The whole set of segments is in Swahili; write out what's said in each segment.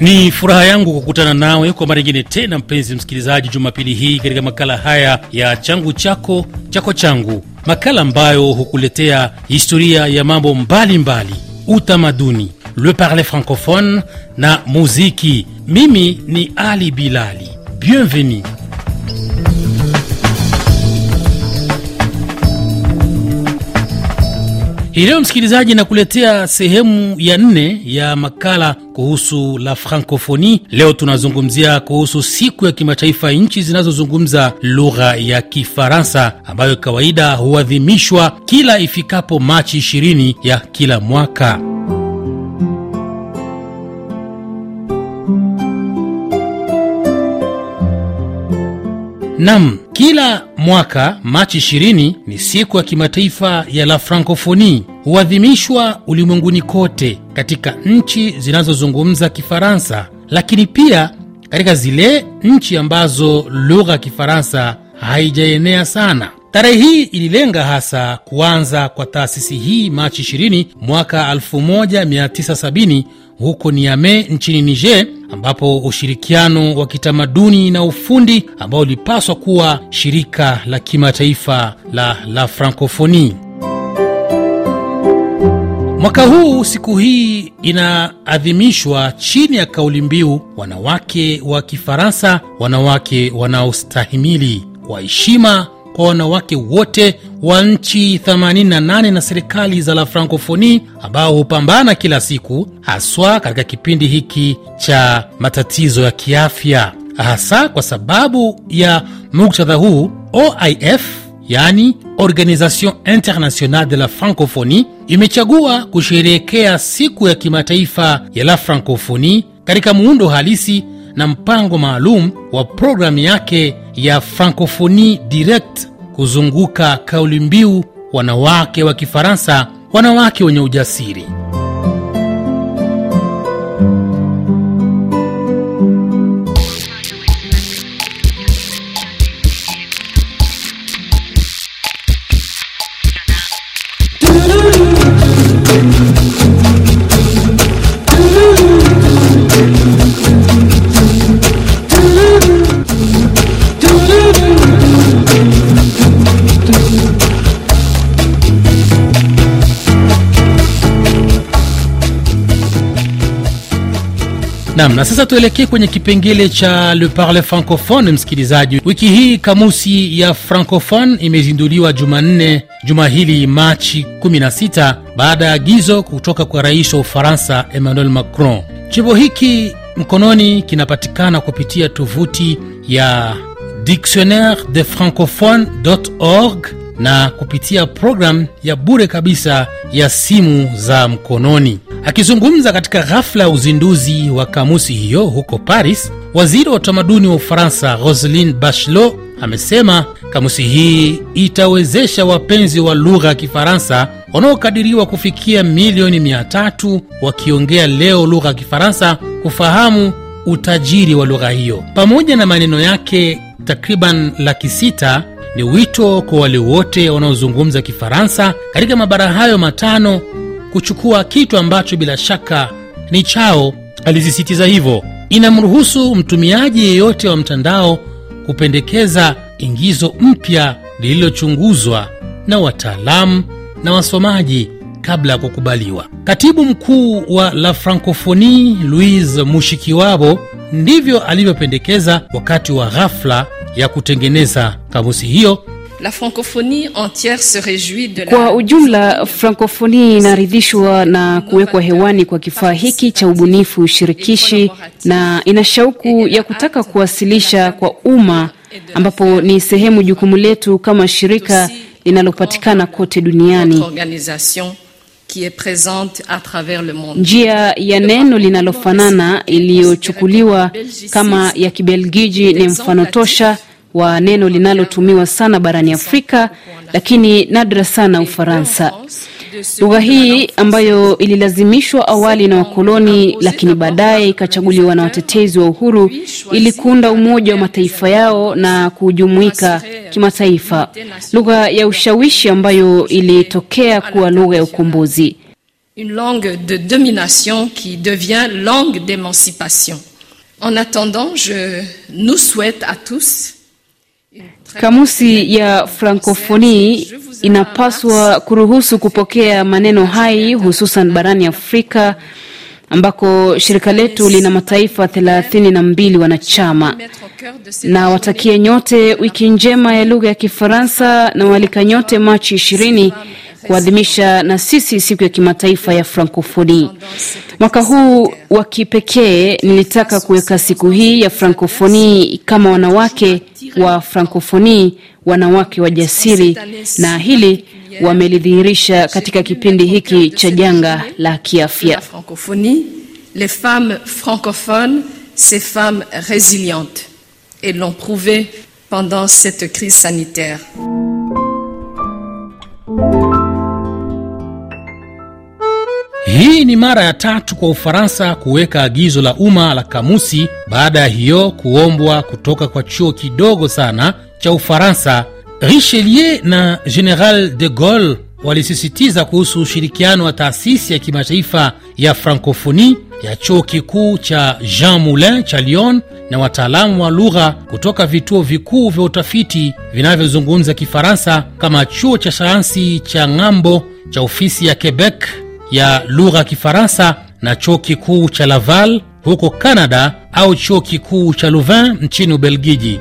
Ni furaha yangu kukutana nawe kwa mara nyingine tena, mpenzi msikilizaji, Jumapili hii katika makala haya ya changu chako chako changu, makala ambayo hukuletea historia ya mambo mbalimbali, utamaduni, le parler francophone na muziki. Mimi ni Ali Bilali, bienvenue. Hii leo msikilizaji, nakuletea sehemu ya nne ya makala kuhusu la Francophonie. Leo tunazungumzia kuhusu siku ya kimataifa nchi zinazozungumza lugha ya Kifaransa ambayo kawaida huadhimishwa kila ifikapo Machi 20 ya kila mwaka. Nam, kila mwaka Machi 20 ni siku ya kimataifa ya la Francophonie, huadhimishwa ulimwenguni kote katika nchi zinazozungumza Kifaransa, lakini pia katika zile nchi ambazo lugha ya Kifaransa haijaenea sana. Tarehe hii ililenga hasa kuanza kwa taasisi hii Machi 20 mwaka 1970 huko Niamey nchini Niger, ambapo ushirikiano wa kitamaduni na ufundi ambao ulipaswa kuwa shirika la kimataifa la la Francophonie. Mwaka huu siku hii inaadhimishwa chini ya kauli mbiu wanawake wa Kifaransa, wanawake wanaostahimili, heshima kwa wanawake wote wa nchi 88 na serikali za la Francofoni ambao hupambana kila siku, haswa katika kipindi hiki cha matatizo ya kiafya, hasa kwa sababu ya muktadha huu. OIF yaani Organisation Internationale de la Francophonie imechagua kusherehekea siku ya kimataifa ya la Francophonie katika muundo halisi na mpango maalum wa programu yake ya Francophonie Direct kuzunguka kauli mbiu wanawake wa Kifaransa, wanawake wenye ujasiri. Nam, na sasa tuelekee kwenye kipengele cha Le Parle Francophone. Msikilizaji, wiki hii kamusi ya Francophone imezinduliwa Jumanne juma hili Machi 16 baada ya agizo kutoka kwa rais wa Ufaransa Emmanuel Macron. Chimbo hiki mkononi kinapatikana kupitia tovuti ya dictionnaire de org na kupitia programu ya bure kabisa ya simu za mkononi. Akizungumza katika ghafla ya uzinduzi wa kamusi hiyo huko Paris, waziri wa utamaduni wa Ufaransa Roselyne Bachelot amesema kamusi hii itawezesha wapenzi wa lugha ya Kifaransa wanaokadiriwa kufikia milioni mia tatu wakiongea leo lugha ya Kifaransa kufahamu utajiri wa lugha hiyo. Pamoja na maneno yake takriban laki sita, ni wito kwa wale wote wanaozungumza Kifaransa katika mabara hayo matano kuchukua kitu ambacho bila shaka ni chao alisisitiza hivyo inamruhusu mtumiaji yeyote wa mtandao kupendekeza ingizo mpya lililochunguzwa na wataalamu na wasomaji kabla ya kukubaliwa katibu mkuu wa la francophonie louise mushikiwabo ndivyo alivyopendekeza wakati wa ghafla ya kutengeneza kamusi hiyo la francophonie entière se réjouit de la... Kwa ujumla frankofoni inaridhishwa na kuwekwa hewani kwa kifaa hiki cha ubunifu shirikishi na ina shauku ya kutaka kuwasilisha kwa umma, ambapo ni sehemu jukumu letu kama shirika linalopatikana kote duniani. Njia ya neno linalofanana iliyochukuliwa kama ya Kibelgiji ni mfano tosha wa neno linalotumiwa sana barani Afrika, lakini nadra sana Ufaransa. Lugha hii ambayo ililazimishwa awali na wakoloni, lakini baadaye ikachaguliwa na watetezi wa uhuru ili kuunda umoja wa mataifa yao na kujumuika kimataifa, lugha ya ushawishi ambayo ilitokea kuwa lugha ya ukombozi. Une langue de domination qui devient langue d'émancipation. En attendant, je nous souhaite à tous Kamusi ya Frankofoni inapaswa kuruhusu kupokea maneno hai, hususan barani Afrika ambako shirika letu lina mataifa thelathini na mbili wanachama. Na watakie nyote wiki njema ya lugha ya Kifaransa na walika nyote Machi ishirini kuadhimisha na sisi siku ya kimataifa ya Frankofoni. Mwaka huu wa kipekee nilitaka kuweka siku hii ya Frankofoni kama wanawake wa Frankofoni, wanawake wajasiri, na hili wamelidhihirisha katika kipindi hiki cha janga la kiafya. Les femmes francophones, ces femmes résilientes, et l'ont prouvé pendant cette crise sanitaire. Hii ni mara ya tatu kwa Ufaransa kuweka agizo la umma la kamusi baada ya hiyo kuombwa kutoka kwa chuo kidogo sana cha Ufaransa. Richelieu na General de Gaulle walisisitiza kuhusu ushirikiano wa taasisi ya kimataifa ya Frankofoni ya chuo kikuu cha Jean Moulin cha Lyon na wataalamu wa lugha kutoka vituo vikuu vya utafiti vinavyozungumza Kifaransa kama chuo cha sayansi cha ng'ambo cha ofisi ya Quebec ya lugha ya Kifaransa na chuo kikuu cha Laval huko Canada au chuo kikuu cha Louvain nchini Ubelgiji.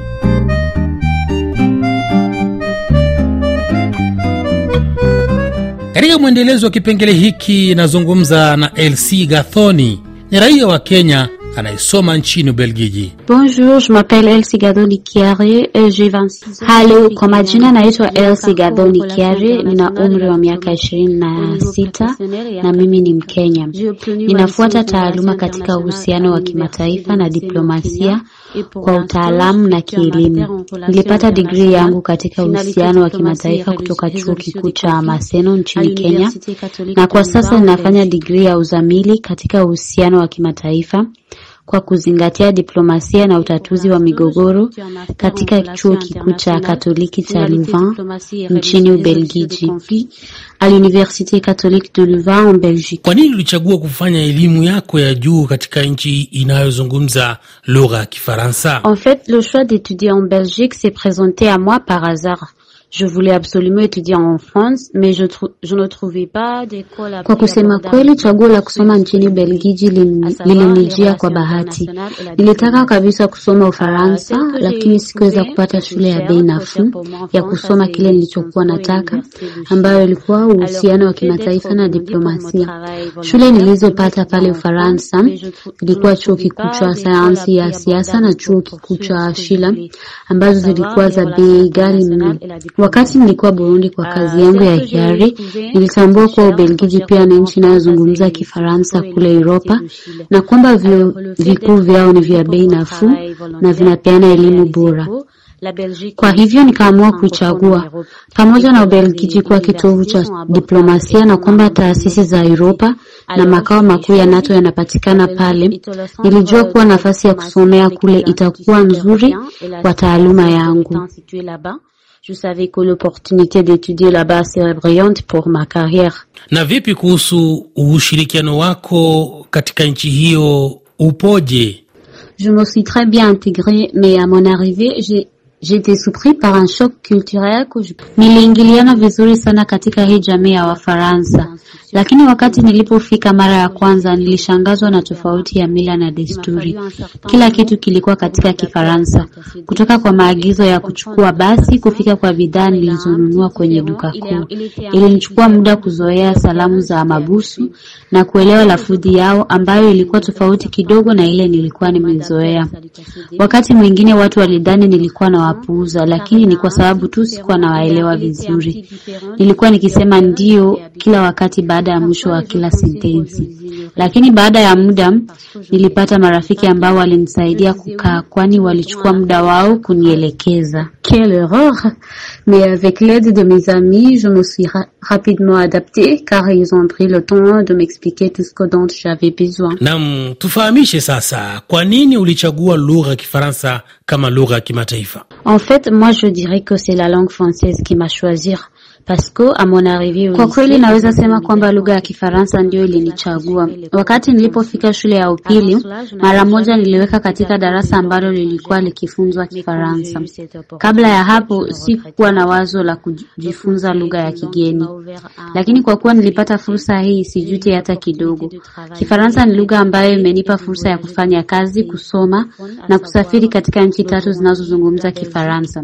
Katika mwendelezo wa kipengele hiki, nazungumza na LC Gathoni, ni raia wa Kenya anayesoma nchini Ubelgiji. Halo, kwa majina naitwa elsi Gadhoni Kiare, nina umri wa miaka sita na mimi ni Mkenya. Ninafuata taaluma katika uhusiano wa kimataifa na diplomasia kwa utaalamu na kielimu. Nilipata digrii yangu katika uhusiano wa kimataifa kutoka Chuo Kikuu cha Maseno nchini Kenya, na kwa sasa ninafanya digrii ya uzamili katika uhusiano wa kimataifa kwa kuzingatia diplomasia na utatuzi wa migogoro katika chuo kikuu cha Katoliki cha Louvain nchini Ubelgiji, a l'Université Catholique de Louvain en Belgique. Kwa nini ulichagua kufanya elimu yako ya juu katika nchi inayozungumza lugha ya Kifaransa? En fait, le choix d'étudier en Belgique s'est présenté à moi par hasard. Je voulais absolument étudier en France, mais je, je ne trouvais pas d'école. Kwa kusema kweli, chaguo la kusoma nchini Belgiji lilinijia kwa bahati. Nilitaka kabisa kusoma euh, Ufaransa, lakini sikuweza kupata shule ya bei nafuu ya kusoma kile nilichokuwa nataka, ambayo ilikuwa uhusiano wa kimataifa na diplomasia. Shule nilizopata pale Ufaransa ilikuwa chuo kikuu cha sayansi ya siasa na chuo kikuu cha Ashila ambazo zilikuwa za bei ghali mno. Wakati nilikuwa Burundi kwa ah, kazi yangu ya hiari, nilitambua kuwa Ubelgiji pia ni nchi inayozungumza Kifaransa kule Uropa na kwamba vikuu vyao ni vya bei nafuu na vinapeana elimu bora. Kwa hivyo nikaamua kuichagua pamoja na Ubelgiji kuwa kitovu cha diplomasia na kwamba taasisi za Uropa na makao makuu ya NATO yanapatikana pale. Nilijua kuwa nafasi ya kusomea kule itakuwa nzuri kwa taaluma yangu. Je savais que l'opportunité d'étudier là-bas serait brillante pour ma carrière. Na vipi Je me suis très bien intégrée, mais à mon arrivée, j'ai J'étais surpris par un choc culturel. Niliingiliana vizuri sana katika hii jamii ya Wafaransa, lakini wakati nilipofika mara ya kwanza nilishangazwa na tofauti ya mila na desturi. Kila kitu kilikuwa katika Kifaransa, kutoka kwa maagizo ya kuchukua basi kufika kwa bidhaa nilizonunua kwenye duka kuu. Ilinichukua muda kuzoea salamu za mabusu na kuelewa lafudhi yao ambayo ilikuwa tofauti kidogo na ile nilikuwa nimezoea. Wakati mwingine watu walidhani nilikuwa na nawapuuza, lakini ni kwa sababu tu sikuwa nawaelewa vizuri. Nilikuwa nikisema ndio kila wakati baada ya mwisho wa kila sentensi, lakini baada ya muda nilipata marafiki ambao walinisaidia kukaa, kwani walichukua muda wao kunielekeza. Quelle erreur mais avec l'aide de mes amis je me suis rapidement car ils ont pris le temps de m'expliquer tout ce dont j'avais besoin. Naam, tufahamishe sasa, kwa nini ulichagua lugha ya Kifaransa En fait, moi je dirais que c'est la langue française qui m'a choisi. Pasco, kwa kweli naweza sema kwamba lugha ya Kifaransa ndio ilinichagua. Wakati nilipofika shule ya upili, mara moja niliweka katika darasa ambalo lilikuwa likifunzwa Kifaransa. Kabla ya hapo, sikuwa na wazo la kujifunza lugha ya kigeni, lakini kwa kuwa nilipata fursa hii, sijuti hata kidogo. Kifaransa ni lugha ambayo imenipa fursa ya kufanya kazi, kusoma na kusafiri katika nchi tatu zinazozungumza Kifaransa: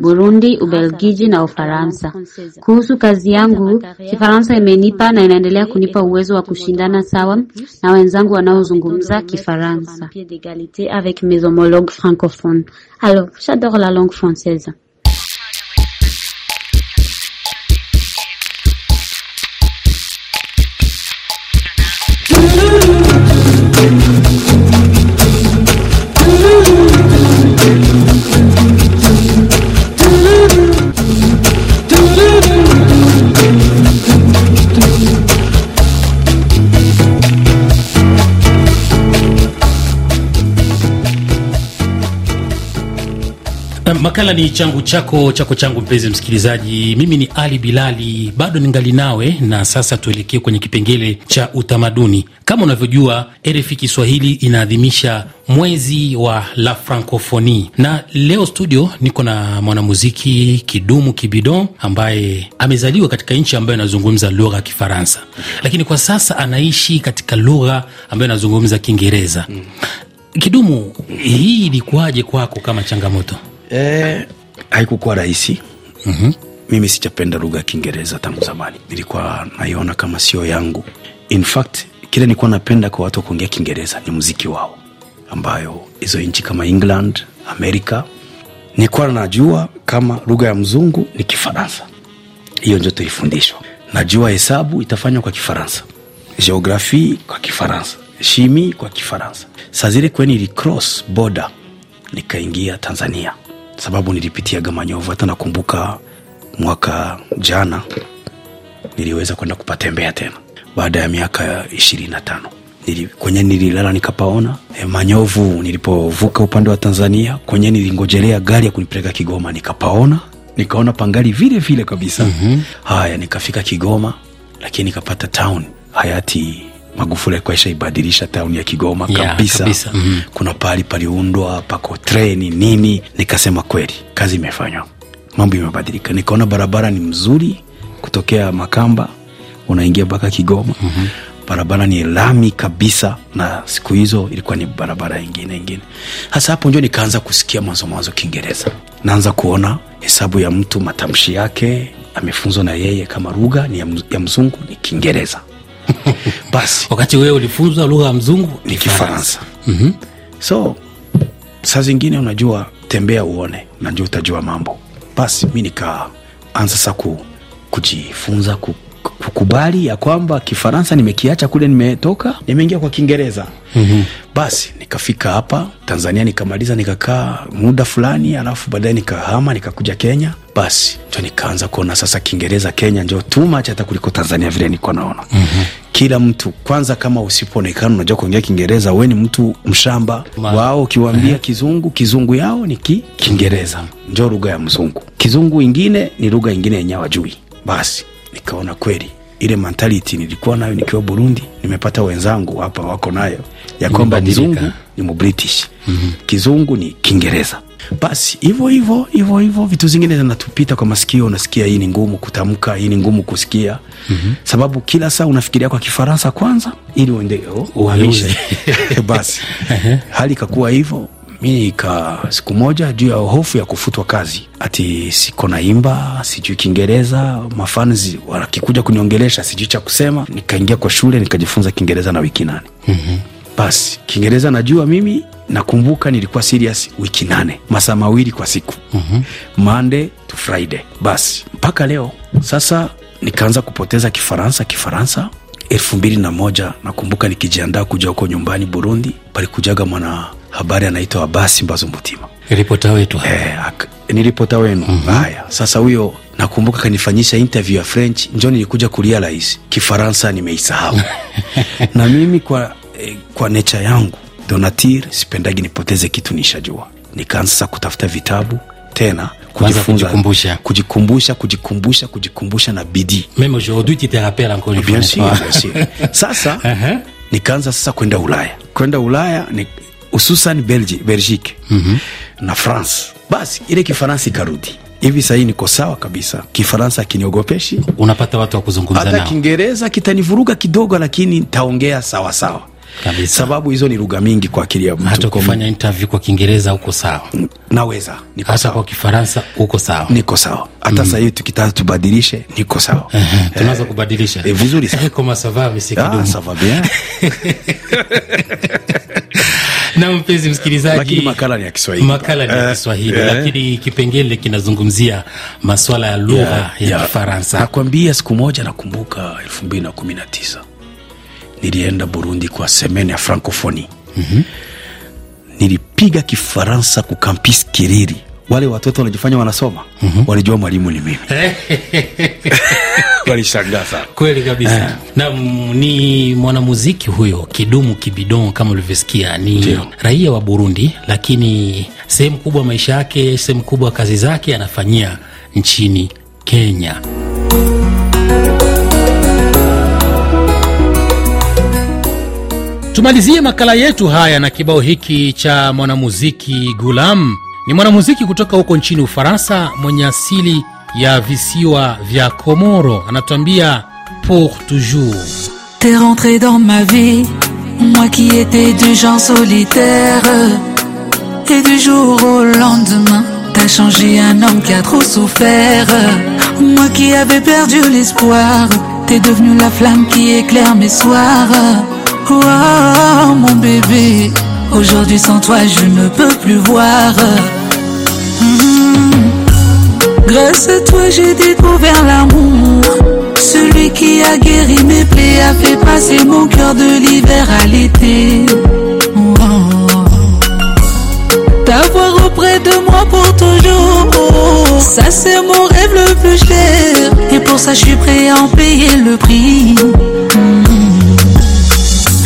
Burundi, Ubelgiji na Ufaransa. Kuhusu kazi yangu, Kifaransa imenipa na inaendelea kunipa uwezo wa kushindana sawa na wenzangu wanaozungumza Kifaransa. Alors, j'adore la langue française. Makala ni changu chako chako changu, mpenzi msikilizaji, mimi ni Ali Bilali, bado ningali nawe, na sasa tuelekee kwenye kipengele cha utamaduni. Kama unavyojua, RFI Kiswahili inaadhimisha mwezi wa la Francophonie, na leo studio niko na mwanamuziki Kidumu Kibidon ambaye amezaliwa katika nchi ambayo inazungumza lugha ya Kifaransa, lakini kwa sasa anaishi katika lugha ambayo inazungumza Kiingereza. Mm. Kidumu, hii ilikuwaje kwako kama changamoto? E, haikukuwa rahisi mm-hmm. Mimi sijapenda lugha ya Kiingereza tangu zamani, nilikuwa naiona kama sio yangu. In fact kile nilikuwa napenda kwa watu wa kuongea Kiingereza ni muziki wao, ambayo hizo nchi kama England, Amerika nilikuwa najua kama lugha ya mzungu ni Kifaransa. Hiyo ndio tuifundishwa. Najua hesabu itafanywa kwa Kifaransa, geografi kwa Kifaransa, shimi kwa Kifaransa. Saa zile kweni ili cross border nikaingia Tanzania sababu nilipitia gamanyovu hata nakumbuka mwaka jana niliweza kwenda kupatembea tena baada ya miaka ishirini na tano kwenye nililala nikapaona e, manyovu nilipovuka upande wa tanzania kwenye nilingojelea gari ya kunipeleka kigoma nikapaona nikaona pangali vile vile kabisa mm-hmm. haya nikafika kigoma lakini nikapata town hayati Magufuli alikuwa ishaibadilisha tauni ya Kigoma kabisa, kabisa. Mm -hmm. Kuna pali paliundwa pako treni nini, nikasema kweli kazi imefanywa, mambo imebadilika, nikaona barabara ni mzuri kutokea Makamba unaingia mpaka Kigoma. mm -hmm. Barabara ni lami kabisa, na siku hizo ilikuwa ni barabara ingine ingine. Hasa hapo njo nikaanza kusikia mwanzo mwanzo Kiingereza, naanza kuona hesabu ya mtu, matamshi yake amefunzwa na yeye, kama rugha ni ya mzungu ni Kiingereza. basi wakati wewe ulifunzwa lugha ya mzungu ni kifaransa mm-hmm. so saa zingine unajua tembea uone najua utajua mambo basi mi nikaanza sa kujifunza ku, kukubali ya kwamba Kifaransa nimekiacha kule nimetoka, nimeingia kwa Kiingereza. Mm-hmm. Basi nikafika hapa Tanzania nikamaliza, nikakaa muda fulani, alafu baadaye nikahama nikakuja Kenya. Basi ndio nikaanza kuona sasa Kiingereza Kenya njo tumach hata kuliko Tanzania vile niko naona. Mm-hmm. Kila mtu kwanza, kama usipoonekana unajua kuongea Kiingereza, we ni mtu mshamba Ma. Wao ukiwambia uh-huh. kizungu, kizungu yao ni ki Kiingereza, njo lugha ya mzungu. Kizungu ingine ni lugha ingine yenye wajui. Basi nikaona kweli ile mentality nilikuwa nayo nikiwa Burundi, nimepata wenzangu hapa wako nayo ya kwamba mzungu ni Mbritish mm-hmm. kizungu ni Kiingereza. Basi hivyo hivyo hivyo hivyo, vitu zingine zinatupita kwa masikio, unasikia hii ni ngumu kutamka, hii ni ngumu kusikia mm-hmm. sababu kila saa unafikiria kwa Kifaransa kwanza ili uende oh, uhamishe basi hali ikakuwa hivyo mi ika siku moja juu ya hofu ya kufutwa kazi, ati siko naimba sijui Kiingereza, mafanzi wakikuja kuniongelesha sijui cha kusema. Nikaingia kwa shule nikajifunza Kiingereza na wiki nane. mm-hmm. Basi Kiingereza najua mimi, nakumbuka nilikuwa serious wiki nane, masaa mawili kwa siku. mm-hmm. Monday to Friday, basi mpaka leo sasa. Nikaanza kupoteza Kifaransa, Kifaransa elfu mbili na moja nakumbuka nikijiandaa kuja huko nyumbani burundi palikujaga mwana habari anaitwa abasi mbazo mutima ripota wetu eh, ni ripota wenu mm-hmm. haya sasa huyo nakumbuka kanifanyisha interview ya french njo nilikuja kulia rahis kifaransa nimeisahau na mimi kwa, eh, kwa necha yangu donatir sipendagi nipoteze kitu nishajua nikaanza sasa kutafuta vitabu tena kujifunza, kujikumbusha, kujikumbusha, kujikumbusha, kujikumbusha na bidii. Même aujourd'hui tu te rappelles encore une fois. Bien sûr, bien sûr. Sasa uh-huh. nikaanza sasa kwenda Ulaya, kwenda Ulaya ni hususan Belgi, Belgique mm -hmm. na France. Basi ile Kifaransa ikarudi hivi sahii niko sawa kabisa. Kifaransa kiniogopeshi, unapata watu wa kuzungumza nao. Hata Kiingereza kitanivuruga kidogo, lakini nitaongea sawasawa sawa kabisa. Sababu hizo ni lugha mingi kwa akili ya mtu. Hata ukifanya interview kwa Kiingereza uko sawa, naweza niko hata sawa. Kwa Kifaransa uko sawa, niko sawa. Hata mm. sasa hivi tukitaka tubadilishe, niko sawa, eh. tunaweza kubadilisha eh, vizuri sana eh, kama sawa, msikidumu ah, sawa bien na mpenzi msikilizaji, lakini makala ni ya Kiswahili, makala ni ya eh, Kiswahili eh, lakini kipengele kinazungumzia masuala ya lugha yeah, ya Kifaransa yeah. Nakwambia siku moja nakumbuka elfu mbili na kumi na tisa nilienda Burundi kwa semene ya francofoni mm -hmm. Nilipiga Kifaransa ku Kiriri. Wale watoto wanajifanya wanasoma, mm -hmm. walijua mwalimu ni mimi walishangaza kweli kabisa. Eh. Na ni mwanamuziki huyo Kidumu Kibidon, kama ulivyosikia, ni Jio. raia wa Burundi, lakini sehemu kubwa maisha yake, sehemu kubwa kazi zake anafanyia nchini Kenya. Tumalizie makala yetu haya na kibao hiki cha mwanamuziki Gulam. Ni mwanamuziki kutoka huko nchini Ufaransa mwenye asili ya visiwa vya Komoro, anatuambia pour toujours. T'es rentré dans ma vie, moi qui étais du genre solitaire. Et du jour au lendemain, t'as changé un homme qui a trop souffert. Moi qui avais perdu l'espoir, t'es devenu la flamme qui éclaire mes soirs. Oh mon bébé, aujourd'hui sans toi je ne peux plus voir. Mm-hmm. Grâce à toi j'ai découvert l'amour. Celui qui a guéri mes plaies a fait passer mon cœur de l'hiver à l'été. Mm-hmm. T'avoir auprès de moi pour toujours, ça c'est mon rêve le plus cher. Et pour ça je suis prêt à en payer le prix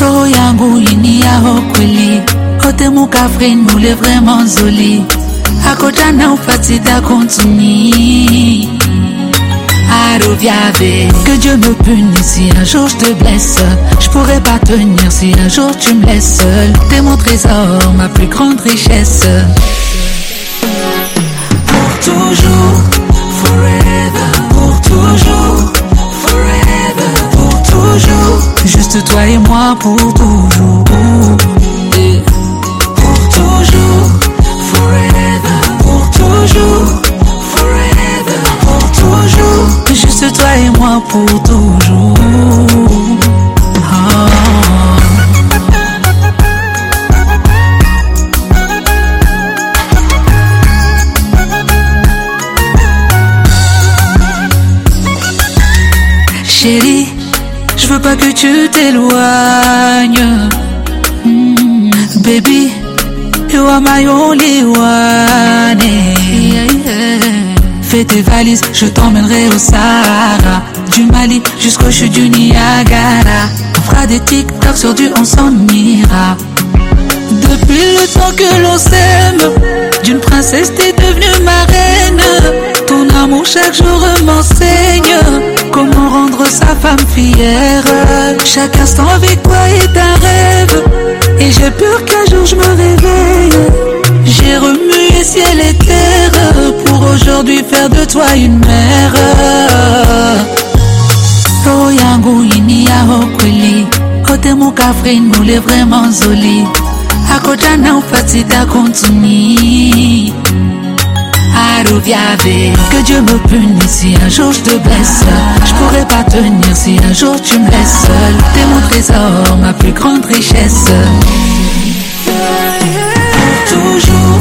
côté yangu ini yao kweli Ote mukafre côté vraiment zoli Akotana ufati ta kontuni Que Dieu me punisse si un jour je te blesse Je pourrais pas tenir si un jour tu me laisses seul T'es mon trésor, ma plus grande richesse Pour toujours, forever toujours. Juste toi et moi pour toujours. Et pour toujours, forever. Pour toujours, forever. Pour toujours. Juste toi et moi pour toujours. T'éloigne hmm. baby, you are my only one. Fais tes valises, je t'emmènerai au Sahara. Du Mali jusqu'au chute du Niagara. On fera des tic sur du on s'en ira. Depuis le temps que l'on s'aime, d'une princesse t'es devenue ma reine. Ton amour chaque jour m'enseigne comment rendre sa femme fière. Chaque instant avec toi est un rêve, et j'ai peur qu'un jour je me réveille. J'ai remué ciel et terre pour aujourd'hui faire de toi une mère. Côté inia mon kote nous l'est vraiment zoli akotana ufatida continue à Que Dieu me punisse si un jour je te blesse. Je pourrais pas tenir si un jour tu me laisses seul. T'es mon trésor, ma plus grande richesse. Pour toujours,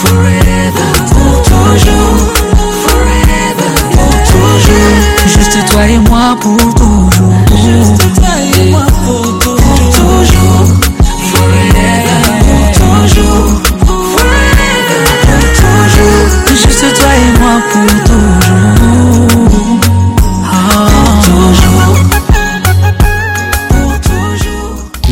forever, pour toujours, forever, pour toujours. Juste toi et moi pour toujours. Juste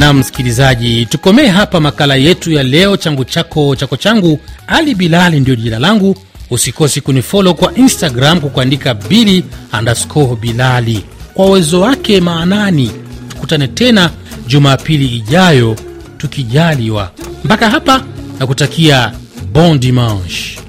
Na msikilizaji, tukomee hapa makala yetu ya leo, changu chako chako changu. Ali Bilali ndiyo jina langu. Usikosi kunifolo kwa Instagram kuandika bili underscore bilali. Kwa uwezo wake maanani, tukutane tena Jumapili ijayo tukijaliwa. Mpaka hapa na kutakia bon dimanche.